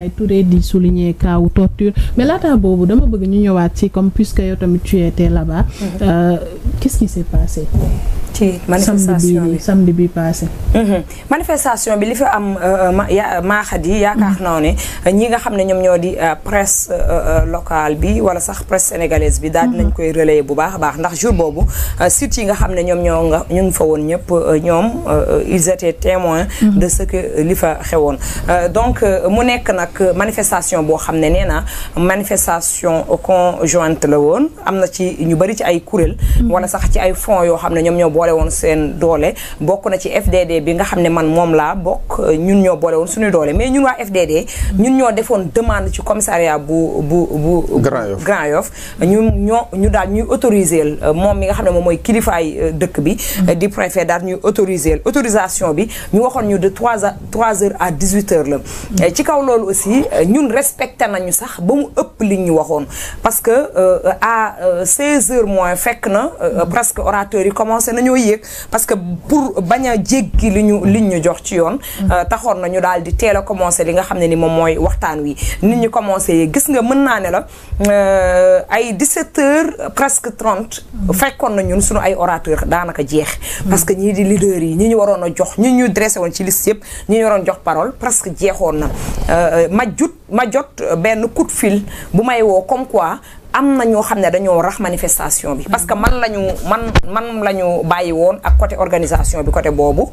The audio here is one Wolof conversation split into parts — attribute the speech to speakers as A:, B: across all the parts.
A: ay Touré di souligner cas torture mais boobu dama bëgg ñu ñëwaat ci comme puisque yow tamit tu étais là-bas. Mm-hmm. Euh, qu'est-ce qui s'est ci manifestation bi samedi bi passé. Mhm. manifestation bi li fa am euh, euh, maaxat euh, yi yaakaar mhm. naa ne ñi nga xam ne ñoom ñoo di presse local bi wala sax presse sénégalaise bi daal dinañ mhm. koy relayer bu baax a baax ndax jour boobu sites yi nga xam ne ñoom ñoo nga ñu ngi fa woon ñëpp ñoom ils étaient témoins de ce que li fa xewoon donc mu nekk nag manifestation boo xam ne nee na manifestation conjointe la woon am na ci ñu bari ci ay kuréel wala sax ci ay fonds yoo xam ne ñoom ñoo boole boole woon seen doole bokk na ci FDD bi nga xam ne man moom laa bokk ñun ñoo boole woon suñu doole mais ñun waa FDD ñun ñoo defoon demande ci commissariat bu bu bu Grand Yoff ñu ñoo ñu daal ñuy autoriser euh, moom mi nga xam ne moom mooy kilifaay euh, dëkk bi euh, di préfet daal ñuy autoriser autorisation bi ñu waxoon ñu de trois à trois heures à dix huit heures la ci kaw loolu aussi ñun respecté nañu sax ba mu ëpp li ñu waxoon parce que à seize heures moins fekk na presque orateur koy yëg parce que pour bañ a jéggi li ñu li ñu jox ci yoon mm-hmm. euh, taxoon ñu daal di teel a commencé li nga xam ne ni moom mooy waxtaan wi nit ñu commencé gis nga mën naa ne la euh, ay 17 heures presque 30 mm-hmm. fekkoon na ñun suñu ay orateur daanaka jeex mm-hmm. parce que ñii di leader yi ñi ñu waroon a jox ñu ñu dressé woon ci liste yëpp ñi ñu waroon jox parole presque jeexoon na euh, ma jut ma jot benn coup de bu may woo comme quoi am na ñoo xam ne dañoo rax manifestation bi parce que man la ñu man man la ñu bàyyi woon ak côté organisation bi côté boobu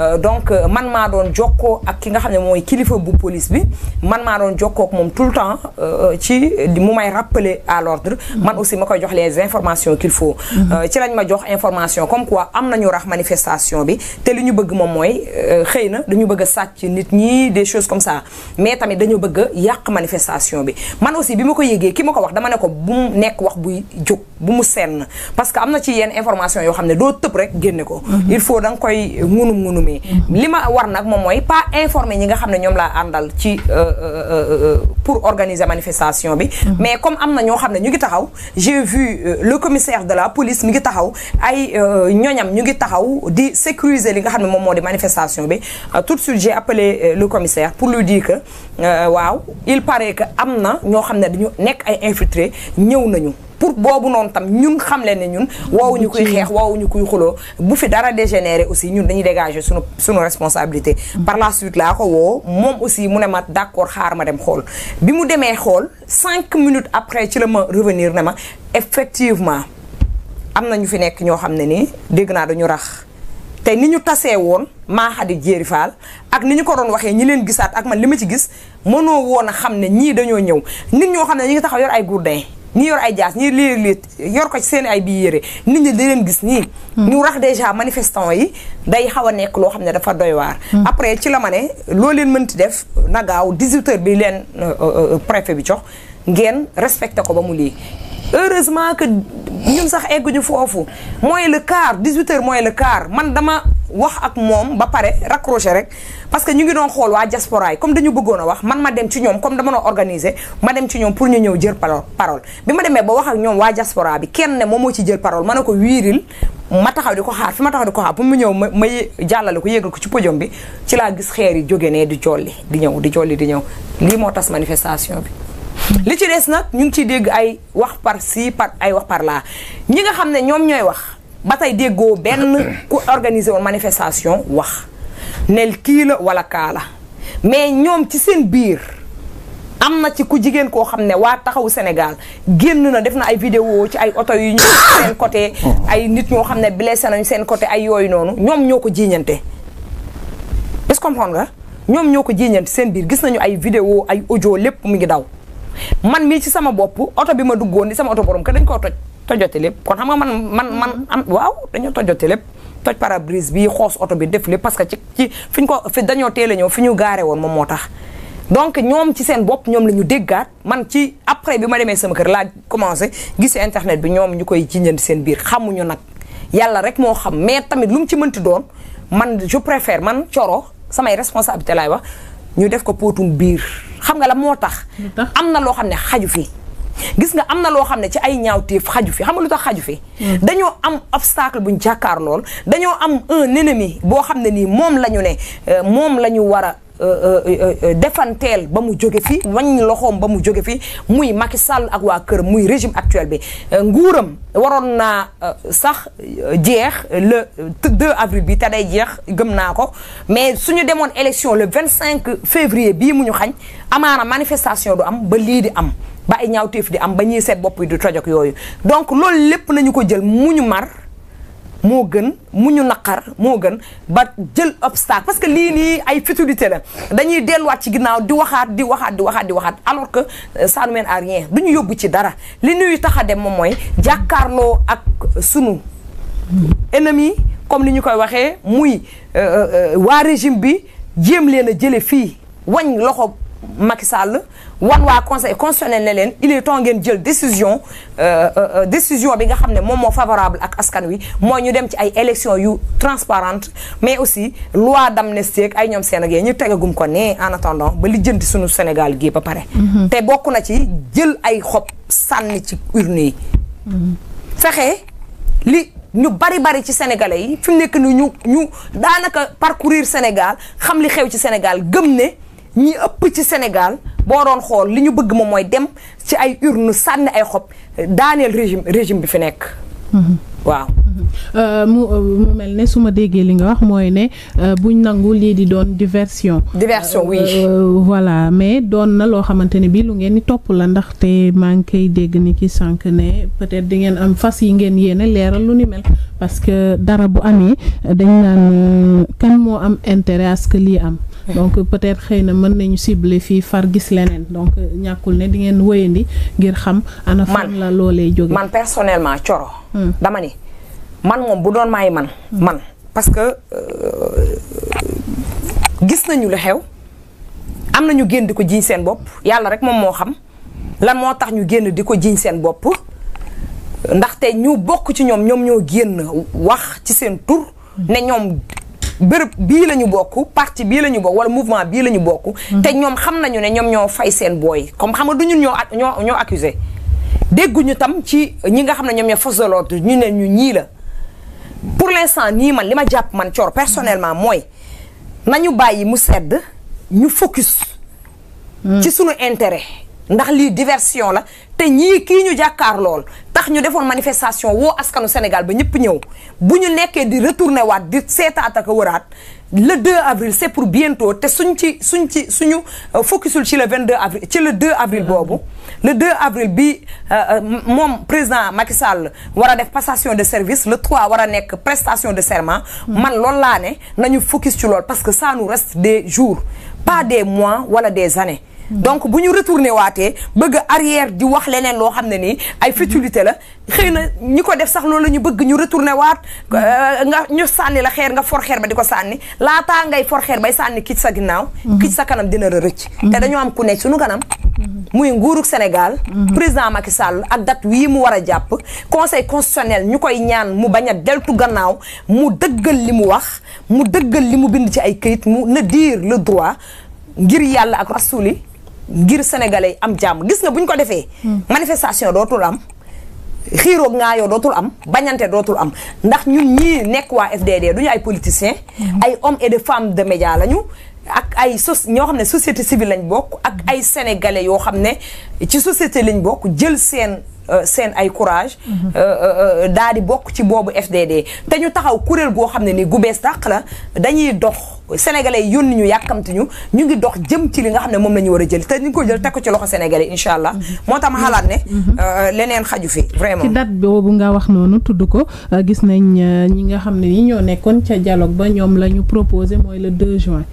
A: euh, donc euh, man maa doon jokkoo ak ki nga xam ne mooy kilifa bu police bi man maa doon jokkoo ak moom tout le temps euh, ci mu may rappeler à man aussi ma koy jox les informations qu'il ci lañ ma jox information comme quoi am nañu rax manifestation bi te lu ñu bëgg moom mooy xëy na dañu bëgg a sàcc nit ñi des choses comme ça mais tamit dañu bëgg yàq manifestation bi man aussi bi ma ko yëgee ki ma ko wax dama ne ko bu nekk wax buy jóg bu mu senn parce que am na ci yenn information yoo xam ne doo tëb rek génne ko mhm. il faut danga nga koy ngunum ngunumee mhm. li ma war nag moom mooy pas informer ñi nga xam ne ñoom laa àndal ci euh, euh, euh, pour organiser manifestation bi mhm. mais comme am na ñoo xam ne ñu ngi taxaw j'ai vu le commissaire de la police mi ngi taxaw ay ñoñam ñu ngi taxaw di sécuriser li nga xam ne moom moo di manifestation bi tout de suite j'ai appelé le commissaire pour lui dire que waaw il paraît que am na ñoo xam ne dañu nekk ay infiltrés ñëw nañu pour boobu noonu tam ñun xam leen ne ñun wowuñu kuy xeex woowuñu kuy xuloo bu fi dara dégénéré aussi ñun dañuy dégager suñu suñu responsabilité par la suite laa ko woo moom aussi mu ne ma d'accord xaar ma dem xool bi mu demee xool cinq minutes après ci la ma revenir ne ma effectivement am na ñu fi nekk ñoo xam ne nii dégg naa dañu rax te ni ñu tasee woon maa xadi jéeri faal ak ni ñu ko doon waxee ñi leen gisaat ak man li ma ci gis mënoo woon a xam ne ñii dañoo ñëw nit ñoo xam ne ñi ngi taxaw ay gourdin ñu yor ay jaas ñu lii lii yor ko ci seen ay bi yére nit ñi di leen gis nii. Hmm. ñu rax déjà manifestant yi day xaw a nekk loo xam ne dafa doy waar. Hmm. après ci la ma ne loo leen mënti def nagaaw 18h bi leen euh, euh, euh, préfet bi jox ngeen respecté ko ba mu lii. heureusement que ñun sax egguñu foofu mooy le quart 18 mooy le quart man dama wax ak moom ba pare raccroché rek parce que ñu ngi doon xool waa diaspora yi comme dañu bëggoona wax man ma dem ci ñoom comme dama doon organiser ma dem ci ñoom pour ñu ñëw jël parole bi ma demee ba wax ak ñoom waa diaspora bi kenn ne moom moo ci jël parole ma ne ko wiiril ma taxaw di ko xaar fi ma taxaw di ko xaar pour mu ñëw ma ma jàllale ko yéegal ko ci podium bi ci laa gis xeer yi jóge ne di jolli di ñëw di jolli di ñëw lii moo tas manifestation bi li ci des nag ñu ngi ciy dégg ay wax par ci par ay wax par là ñi nga xam ne ñoom ñooy wax ba tey déggoo benn ku organiser woon manifestation wax nel kii la wala kaala mais ñoom ci seen biir am na ci ku jigéen koo xam ne waa taxawu senegal génn na def na ay vidéo ci ay oto yu ñu seen côté oh. ay nit ñoo xam ne blessé nañu seen côté ay yooyu noonu ñoom ñoo ko jiiñante est-ce que comprendre nga ñoom ñoo ko jiiñante seen biir gis nañu ay vidéo ay audio lépp mu ngi daw man mii ci sama bopp oto bi ma duggoon ni sama oto borom kër dañ koo toj tojote lépp kon xam nga man man man am waaw dañoo tojote lépp toj parabrise bi xoos oto bi def lépp parce que ci ci fi ñu ko fi dañoo teel a ñëw fi ñu gaare woon moom moo tax donc ñoom ci seen bopp ñoom la ñu déggaat man ci après bi ma demee sama kër laa commencé gise internet bi ñoom ñu koy jiñand seen biir xamuñu nag yàlla rek moo xam mais tamit lu mu ci mënti doon man je préfère man coro samay responsabilité laay wax ñu def ko pootum biir xam nga la moo tax am na loo xam ne xaju fi gis nga am na loo xam ne ci ay ñaaw ñaawteef xaju fi xam nga lu tax xaju fi hmm. dañoo am obstacle buñ jàkkaar lool dañoo am un boo xam ne nii moom la ñu ne euh, moom la ñu war a defanteel ba mu jóge fi wañ loxoom ba mu jóge fi muy Macky Sall ak waa kër muy régime actuel bi euh, nguuram waroon naa euh, sax euh, jeex le 2 avril bi te day jeex gëm naa ko mais suñu demoon élection le 25 février bii mu ñu xañ amaana manifestation du am ba lii di am ba ay ñaawteef di am ba ñuy seet bopp yi di tojog yooyu donc loolu lépp nañu ko jël mu ñu mar moo gën mu ñu naqar moo gën ba jël obstacle parce que lii nii ay futilité la dañuy delluwaat ci ginnaaw di waxaat di waxaat di waxaat di waxaat alors que euh, ça ne mène à rien du ñu yóbbu ci dara li nuy tax a dem moom mooy jàkkaarloo ak sunu ennemi comme ni ñu koy waxee muy euh, euh, waa régime bi jéem leen a jële fii wañ loxo Macky Sall wan waa conseil constitutionnel ne leen il est ngeen jël décision euh, euh, euh, décision bi nga xam ne moom moo favorable ak askan wi mooy ñu dem ci ay élections yu transparente mais aussi loi d'amnistie ak ay ñoom seen ak ñu tegagum ko ne en attendant ba li jënd suñu Sénégal gi ba pare. Mhm. te bokk na ci jël ay xob sànni ci urne yi. Mhm. fexe li. ñu bari bari ci sénégalais yi fi mu nekk nii ñu ñu daanaka parcourir Sénégal xam li xew ci Sénégal gëm ne ñi ëpp ci Sénégal boo doon xool li ñu bëgg moom mooy dem ci ay urne sànni ay xob daaneel régime régime bi fi nekk mhm. waaw Euh, mu euh, mu mel ne su ma déggee li nga wax mooy ne euh, buñ nangu lii di doon diversion. diversion oui. voilà mais doon na loo xamante ne bii lu ngeen di topp la ndax te maa ngi koy dégg ni ki sànq ne peut-être di ngeen am fas yi ngeen yéene leeral lu ni mel parce que dara bu amee dañ naan kan moo am intérêt à lii am. donc peut-être xëy na mën nañu cibler fii far gis leneen donc ñàkkul ne di ngeen wéyandi ngir xam. ana fan la loolee jóge man personnellement Coro. Hmm. man moom bu doon may man man parce que euh, gis nañu lu xew am na ñu génn di ko jiñ seen bopp yàlla rek moom moo xam lan moo tax ñu génn di ko jiñ seen bopp ndaxte ñu bokk ci ñoom ñoom ñoo génn wax ci seen tur ne ñoom bërëb bii la ñu bokk parti bii lañu ñu bokk wala mouvement bii la ñu bokk. Mm-hmm. te ñoom xam nañu ne ñoom ñoo fay seen booy comme xam nga du ñun ñoo ñoo ñoo accusé dégguñu tam ci ñi nga xam ne ñoom ñoo force de l'ordre ñu ne ñu ñii la. pour l'instant nii man li ma jàpp man Thior personnellement mooy nañu bàyyi mu sedd ñu focus. Hmm. ci sunu intérêt. ndax lii diversion la te ñii kii ñu jàkkaar lool tax ñu defoon manifestation woo askanu Sénégal ba ñëpp ñëw bu ñu nekkee di retourné waat di seetaat ak wëraat le 2 avril c'est pour bientôt te suñ ci suñ ci suñu euh, focusul ci le 22 avril ci le 2 avril boobu le 2 avril bi euh, euh, moom président Macky Sall war a def pastation de service le 3 war a nekk prestation de serment man loolu laa ne nañu focus ci lool parce que ça nous reste des jours pas des mois wala des années donc bu ñu retourner waatee bëgg arrière di wax leneen loo xam ne nii ay futilité la xëy na ñu ko def sax loolu la ñu bëgg ñu retourner waat euh, nga ñu sànni la xeer nga for xeer ba di ko sànni laataa ngay for xeer bay sànni kic sa ginnaaw kic sa kanam dina rërëcc te dañoo am ku nekk suñu kanam muy nguurug Sénégal président Macky sàll ak date wii mu war a jàpp conseil constitutionnel ñu koy ñaan mu bañ a deltu gannaaw mu dëggal li mu wax mu dëggal li mu bind ci ay këyit mu na dire ngir yàlla ak rasuli ngir sénégalais am jàmm gis nga bu ñu ko defee. manifestation dootul am. xiiroog ngaayoo dootul am bañante dootul am ndax ñun ñii nekk waa FDD du ñu ay politiciens. Mm-hmm. ay hommes et de femmes de médias lañu. ak ay sos ñoo xam ne société civile lañ bokk. ak mm-hmm. ay sénégalais yoo xam ne ci société lañ bokk jël seen. Euh, seen ay courage. Euh, mhm. euh, daal di bokk ci boobu FDD te ñu taxaw kuréel goo xam ne ni gu bees dàq la dañuy dox sénégalais yónni ñu yàkkamti ñu ñu ngi dox jëm ci li nga xam ne moom la ñu war a jël te ñu ko jël teg ko ci loxo sénégalais incha allah mhm. moo tax ma mhm. xalaat ne. leneen xaju fi vraiment. ci date boobu nga wax noonu tudd ko gis nañ ñi nga xam ne ñi ñoo nekkoon ca dialogue ba ñoom la ñu proposé mooy le 2 juin.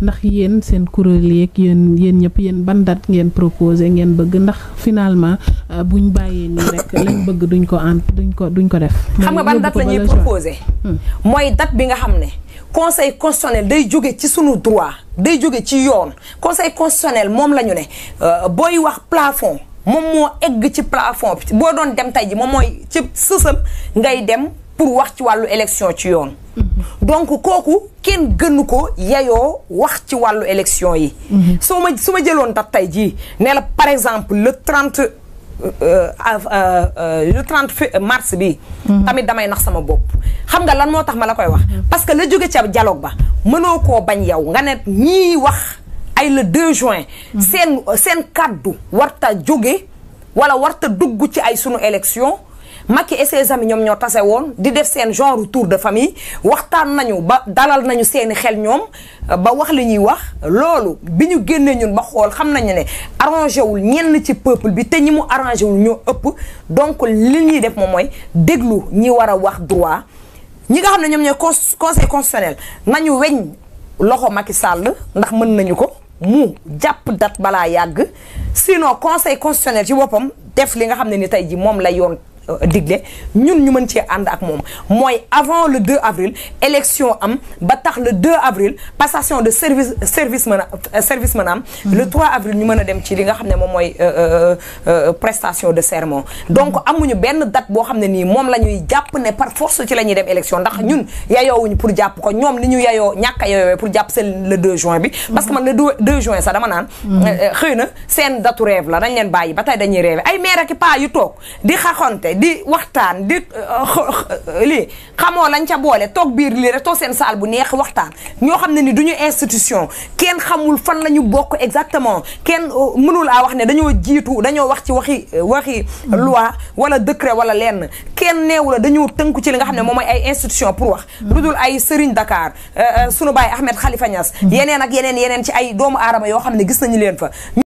A: ndax yéen seen kuréel yeeg yéen yéen ñëpp yéen ban date ngeen proposé ngeen bëgg ndax finalement euh, buñ bàyyee nii rek lañ bëgg duñ ko ant duñ ko duñ ko def. xam nga ban date la ñuy proposé. Hmm. mooy date bi nga xam ne. conseil constitutionnel day jóge ci sunu droit day jóge ci yoon conseil constitutionnel moom la ñu ne euh, booy wax plafond moom moo egg ci plafond boo doon dem tey ji moom mooy ci sësam ngay dem pour wax ci wàllu élection ci yoon. Hmm. donc kooku kenn gënu ko yayoo wax ci wàllu élection yi. Mhm. soo ma su ma jëloon tax tey jii nee par exemple le 30 euh, euh, euh, le 30 mars bi mhm. tamit damay nax sama bopp. xam nga lan moo tax ma la koy wax. Mhm. parce que la jóge ca dialogue ba mënoo koo bañ yow nga ne ñii wax ay le juin. seen seen kàddu warta jóge wala warta dugg ci ay sunu élection. Macky et ses ñoom ñoo tase woon di def seen genre tour de famille waxtaan nañu ba dalal nañu seeni xel ñoom ba wax li ñuy wax loolu bi ñu génnee ñun ba xool xam nañu ne arrangé wul ñenn ci peuple bi te ñi mu arrangé wul ñoo ëpp donc li ñuy def moom mooy déglu ñi war a wax droit ñi nga xam ne ñoom ñooy conseil constitutionnel nañu weñ loxo Macky sàll ndax mën nañu ko mu jàpp date balaa yàgg sinon conseil constitutionnel ci boppam def li nga xam ne ni tey ji moom la yoon digle ñun ñu mën cee ànd ak moom mooy avant le 2 avril élection am ba tax le 2 avril passation de service service man service mën am le 3 avril ñu mën a dem ci li nga xam ne moom mooy euh, euh, euh, prestation de serment donc amuñu benn date boo xam ne nii moom la ñuy jàpp ne par force ci la ñuy dem élection ndax ñun yayoowuñu pour jàpp ko ñoom li ñu yayoo ñàkk a pour jàpp seen le 2 juin bi parce que man le 2 juin sax dama naan xëy na seen datu rêve la dañ leen bàyyi ba tey dañuy rêve ay maire ak paa yu toog di waxtaan di uh, uh, lii xamoo lañ ca boole toog biir lii rek toog seen saal bu neex waxtaan ñoo xam ne ni duñu institution kenn xamul fan la ñu bokk exactement kenn uh, mënul a wax ne dañoo jiitu dañoo wax ci waxi waxi mm-hmm. loi wala décret wala lenn kenn neewu la dañoo tënku ci li nga xam ne moom mooy ay institution pour wax mm-hmm. lu dul ay Serigne Dakar sunu baay Ahmed Khalifa Niass mm-hmm. yeneen ak yeneen yeneen ci ay doomu aadama yoo xam ne gis nañu leen fa